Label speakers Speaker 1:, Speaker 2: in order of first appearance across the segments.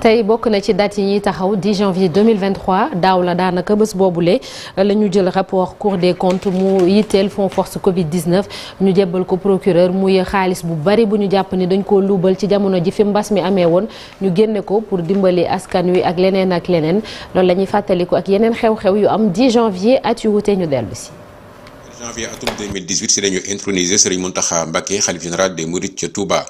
Speaker 1: tey bokk na ci date yi ñuy taxaw 10 janvier 2023 daaw la daanaka bés boobule euh, la ñu jël rapport cour des comptes mu yitteel fonds force Covid 19 ñu jébbal ko procureur muy xaalis bu bari bu ñu jàpp ni dañ koo luubal ci jamono ji fi mbas mi amee woon ñu génne ko pour dimbali askan wi ak leneen ak leneen loolu la ñuy fàttaliku ak yeneen xew-xew yu am 10 janvier at yu wute ñu dellusi si.
Speaker 2: janvier atum 2018 si la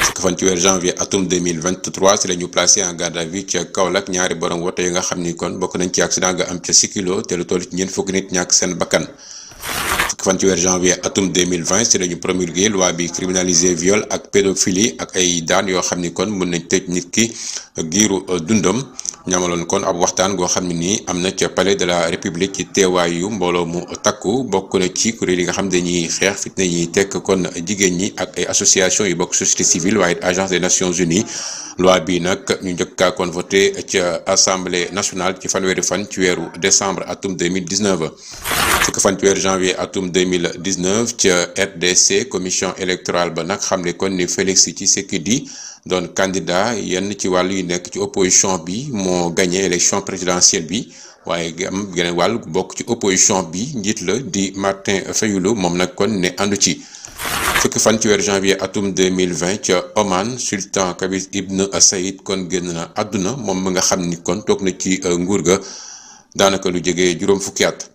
Speaker 2: fukki fan ci weer janvier atum 2023 si la ñu placé en garde à vue ca Kaolack ñaari borom woto yi nga xam ni kon bokk nañ ci accident nga am ca Sikilo te lu toll ci ñeent fukki nit ñàkk seen bakkan fukki fan ci weer janvier atum deux mille vingt si lañu promulgué loi bi criminalisé viol ak pédophilie ak ay daan yoo xam ni kon mën nañ tëj nit ki giiru euh, dundam ñamaloon kon ab waxtaan goo xam ne nii am na ca palais de la république ci teewaayu mbooloo mu takku bokk na ci kuréel yi nga xam dañuy xeex fitna ñi tekk kon jigéen ñi ak ay association yu bokk société civile waaye agence des nations unies loi bi nag ñu njëkk a kon voté ca assemblée nationale ci fanweeri fan ci weeru décembre atum 2019 fukki fan ci weeru janvier atum 2019 ca RDC commission électorale ba nag xam ne kon ni Félix Tshisekedi doon candidat yenn ci wàll yu nekk ci opposition bi moo gagné élection présidentielle bi waaye am geneen wàll bokk ci opposition bi njiit la di Martin Fayulu moom nag kon ne àndu ci fukki fan ci weer janvier atum 2020 ca Oman sultan Kabir Ibn Saïd kon génn na àdduna moom mi nga xam ni kon toog na ci euh, nguur ga daanaka lu jege juróom fukki at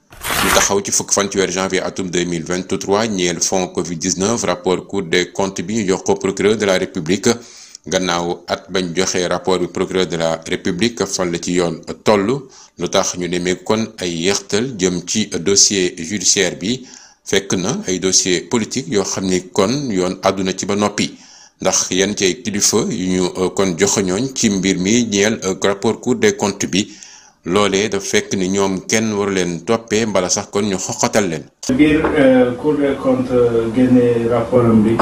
Speaker 2: ñu taxaw ci fukk fan ci weer janvier atum 2023 ñeel fonds covid 19 rapport cour des comptes bi ñu jox ko procureur de la république gannaaw at bañ joxe rapport bi procureur de la république fan la ci yoon toll lu tax ñu demee kon ay yéextal jëm ci dossier judiciaire bi fekk na ay dossier politique yoo xam ni kon yoon àdduna ci ba noppi ndax yan ci ay kilifa yu ñu euh, kon joxoñooñ ci mbir mi ñeel euh, rapport cour de comptes bi loolee dafa fekk ni ñoom kenn waru leen toppee mbala sax kon ñu xoxatal leen.
Speaker 3: ngir euh, bi.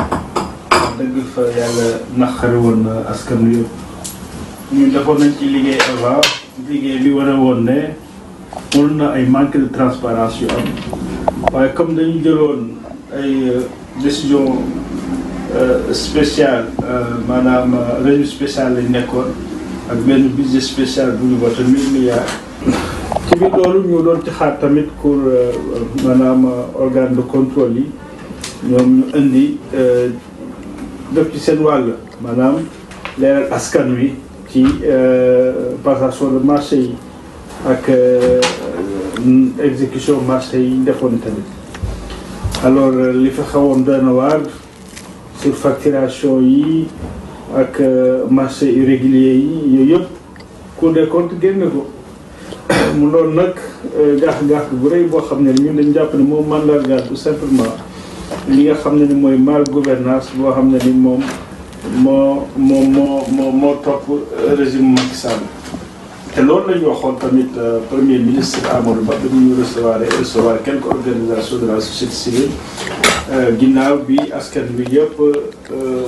Speaker 3: wax dëgg fa yàlla naqari woon na askan wi yëpp ñun nañ ci liggéey avant liggéey bi war woon ne mënoon na ay manque de transparence yu am waaye comme dañu jëloon ay euh, décision euh, spéciale euh, maanaam régime spécial lañ nekkoon ak benn budget spécial bu ñu voté mille milliards ci biir loolu ñu doon ci xaar tamit pour maanaam organe de contrôle yi ñoom ñu indi def ci seen wàll maanaam askan wi ci euh, passation de marché yi ak euh, exécution marché yi defoon tamit alors euh, li fa xawoon doy na waar yi ak marché irrégulier yi yooyu yëpp Cour des comptes génne ko mu doon nag gaax gaax bu rëy boo xam ne ñun dañ jàpp ne moom mandargaal tout simplement li nga xam ne ni mooy mal gouvernance boo xam ne ni moom moo moo moo moo topp euh, régime Macky Sall te loolu la ñu waxoon tamit euh, premier ministre Amadou Ba dañu ñu recevoir recevoir ko organisations de la société civile euh, ginnaaw bi askan bi yëpp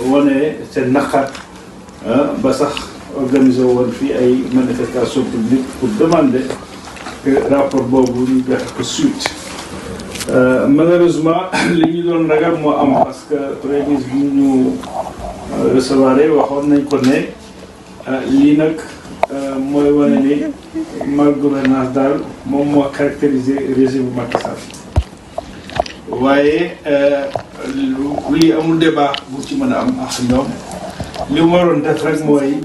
Speaker 3: wane seen naqar ba sax organisé woon fii ay manifestations publiques pour demander que rapport boobu ñu joxe ko suite. Euh, malheureusement li ñu doon ragal moo am parce que premier ministre bi ñu euh, recevoir waxoon nañ ko ne euh, lii nag mooy wane ni mal gouvernance daal moom moo caractériser régime bu Macky Sall waaye lii amul débat bu ci mën a am ak ñoom li waroon def rek mooy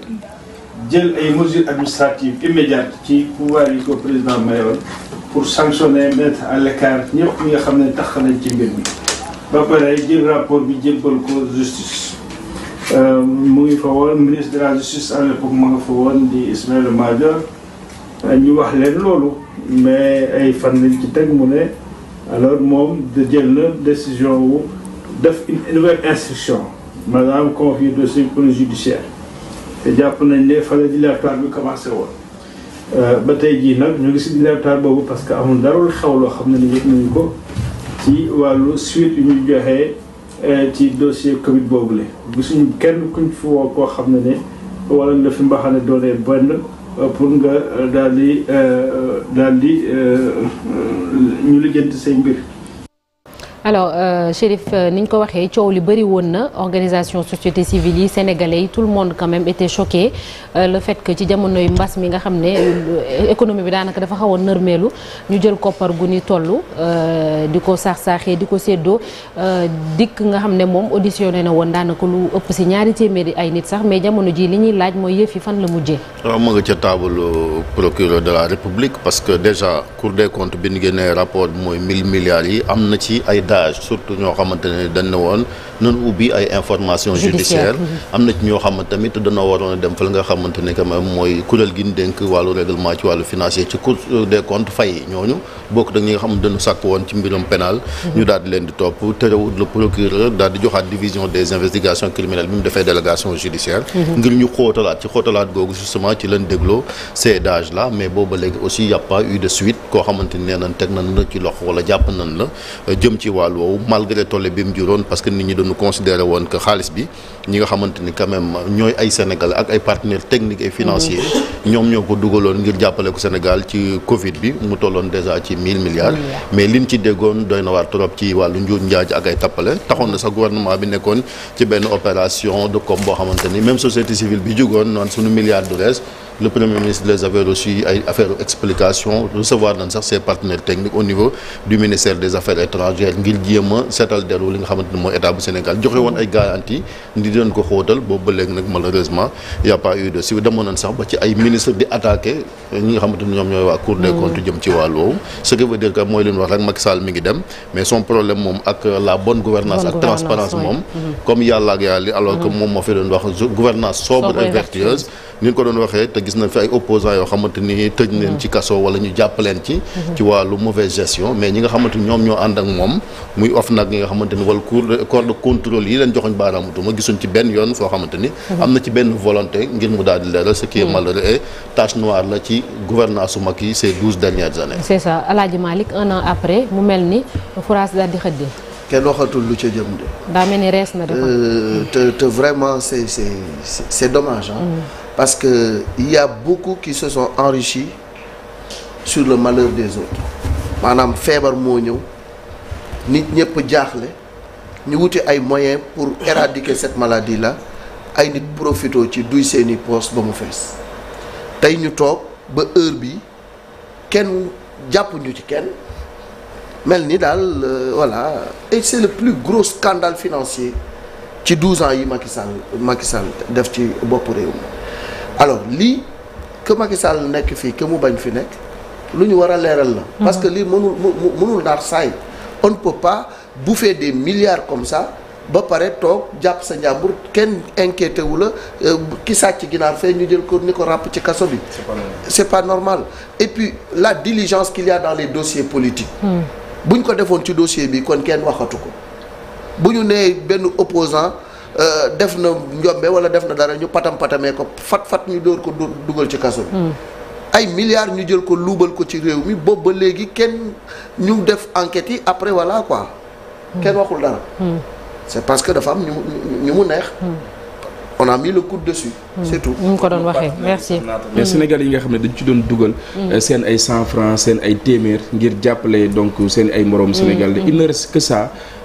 Speaker 3: jël ay mesures administratives immédiates ci pouvoir yi ko président mayoon pour sanctionner mettre à l'écart ñëpp ñi nga xam ne tax nañ ci mbir mi ba pare jël rapport bi jébbal ko justice euh, mu ngi fa woon ministre de la justice à l'époque mu nga fa woon di Ismaïla Madior euh, ñu wax leen loolu mais ay fan lañ ci teg mu ne alors moom de jël décision wu def une nouvelle instruction maanaam confier dossier police judiciaire te jàpp nañ ne fale dilatoire bi commencé woon Euh, ba tey jii nag ñu ngi si retard boobu parce que amul darul lu xew loo xam ne ni yëg nañu ko ci wàllu suite yu ñu joxee euh, ci dossier Covid boobu le gisuñu kenn kuñ fi woo koo xam ne ne wala nga fi mbaxane doonee benn euh, pour nga daal di daal di ñu lijjanti say mbir.
Speaker 1: alors euh, Chérif euh, ni ñu ko waxee coow li bëri woon na organisation société civile yi sénégalais yi tout le monde quand même était choqué euh, la fait que ci jamonoy mbas mi nga xam ne économie bi daanaka dafa xaw a ñu jël koppar gu ni toll di ko saax-saaxee di ko séddoo dikk nga xam ne moom auditionné na woon daanaka lu ëpp si ñaari téeméeri ay nit sax mais jamono ji li ñuy laaj mooy yëf yi fan la mujjee
Speaker 4: waaw ma nga ca table procureur de la république parce que déjà cour des comptes bi mooy mille milliards yi am na ci étage surtout ñoo xamante ne dañ ne woon nañ ubbi ay information judiciaire am na ci ñoo xamante tamit dañoo waroon a dem fa la nga xamante ne mooy kuréel gi ñu wàllu règlement ci wàllu financier ci cour des comptes fay ñooñu bokk da ñi xam dañu sàkk woon ci mbirum pénal mhm. ñu daal leen di topp terewul le procureur daal joxaat division des investigations criminelles bi mu defee délégation judiciaire mhm. ngir ñu xóotalaat ci xóotalaat googu a wàll woowu malgré tolle bi mu juróon parce que nit ñi dañu considéré woon que xaalis bi ñi nga xamante ni quand même ñooy ay Sénégal ak ay partenaires techniques et financiers mhm. ñoom ñoo ko dugaloon ngir jàppale ko Sénégal ci Covid bi mu tolloon déjà ci mille milliards mais liñ ci déggoon doy na waar trop ci wàllu njuuj njaaj ak ay tappale taxoon na sax gouvernement bi nekkoon ci benn opération de com boo xamante ni même société civile bi jugoon naan suñu milliard du le premier ministre les avait reçus ay affaire explication recevoir nañ sax ses partenaires techniques au niveau du ministère des affaires étrangères ngir jéem a seetal li nga xamante ne mooy état bu Sénégal joxe woon ay garantie di doon ko xóotal boobu ba nag malheureusement y' a pas eu de nañ sax ba ci ay ministre di attaqué ñi nga xamante ne ñoom ñooy waa Cour des comptes jëm ci wàll woowu ce qui veut dire que mooy leen wax rek Macky Sall dem mais son problème moom ak la bonne gouvernance ak transparence moom mhm. comme yàlla ak yàlla alors que mhm. moom moo fi ni ko doon waxee te gis na fi ay opposants yoo xamante ni tëj leen ci kaso wala ñu jàpp leen ci. ci wàllu mauvaise gestion mais ñi nga xamante ni ñoom ñoo ànd ak moom muy of nag ñi nga xamante ni wala cour de corps de contrôle yi leen joxoñ baaraamu tuuma gisuñ ci benn yoon foo xamante ni. am na ci benn volonté ngir mu daal di leeral ce qui est malheureux et tache la ci gouvernance su mag yi ces douze dernières années.
Speaker 1: c'est ça El Hadj Malick un an après mu mel ni France daal di xëddi.
Speaker 5: kenn lu ca jëm
Speaker 1: daa mel ni rees na
Speaker 5: euh, te te vraiment c'est c'est c'est dommage parce que il y a beaucoup qui sur le malheur des autres maanaam feebar moo ñëw nit ñëpp jaaxle ñu wuti ay moyen pour éradiquer cette maladie la ay nit profitoo ci duy seeni poos ba mu fees tey ñu toog ba heure bi kenn jàppuñu ci kenn mel ni daal euh, voilà et c'est le plus gros scandale financier ci 12 ans yi Macky Sall def ci bopp réew mi alors lii que Macky nekk fii que mu bañ fi nekk lu ñu war a leeral la. Mhm. parce que lii mënul mënul naax saay on ne peut pas bouffer des milliards comme sax ba pare toog jàpp sa njàmbur kenn inquiété wu la euh, ki sàcc ginaar fee ñu jël ko ni ko ràpp ci kaso bi. c'est pas normal et puis la diligence qu'il dans les dossiers politiques. Hmm. bu ñu ko defoon ci dossier bi kon kenn waxatu ko bu ñu nee benn opposant Euh, def na njombe wala def na dara ñu patam patamee ko fat fat ñu dóor ko dugal ci kaso bi hmm. ay milliards ñu jël ko luubal ko ci réew mi boobu ba léegi kenn ñu def enquêtes yi après voilà quoi hmm. kenn waxul dara hmm. c'est parce que dafa am ñu ñu mu neex
Speaker 2: on a mis le coude dessus.
Speaker 1: c'est tout. ñu doon waxee merci. mais Sénégal
Speaker 2: yi nga xam ne dañ ci doon dugal. Euh, seen ay cent francs seen ay téeméer ngir jàppale donc seen ay moroom Sénégal il ne reste que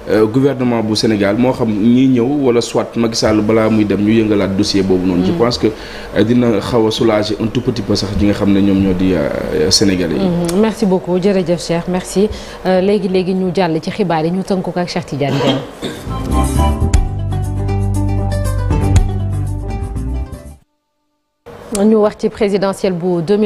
Speaker 2: Euh, gouvernement bu Sénégal moo xam ñiy ñëw wala soit Macky Sall balaa muy dem ñu yëngalaat dossier boobu noonu. je mm. pense que euh, dina xaw a soulager un tout petit sax ñi nga xam ne ñoom ñoo di euh, Sénégalais yi.
Speaker 1: Mm-hmm. merci beaucoup jërëjëf Cheikh merci léegi léegi ñu jàll ci xibaar yi ñu tënk ko ak Cheikh Tidiane Dieng. ñu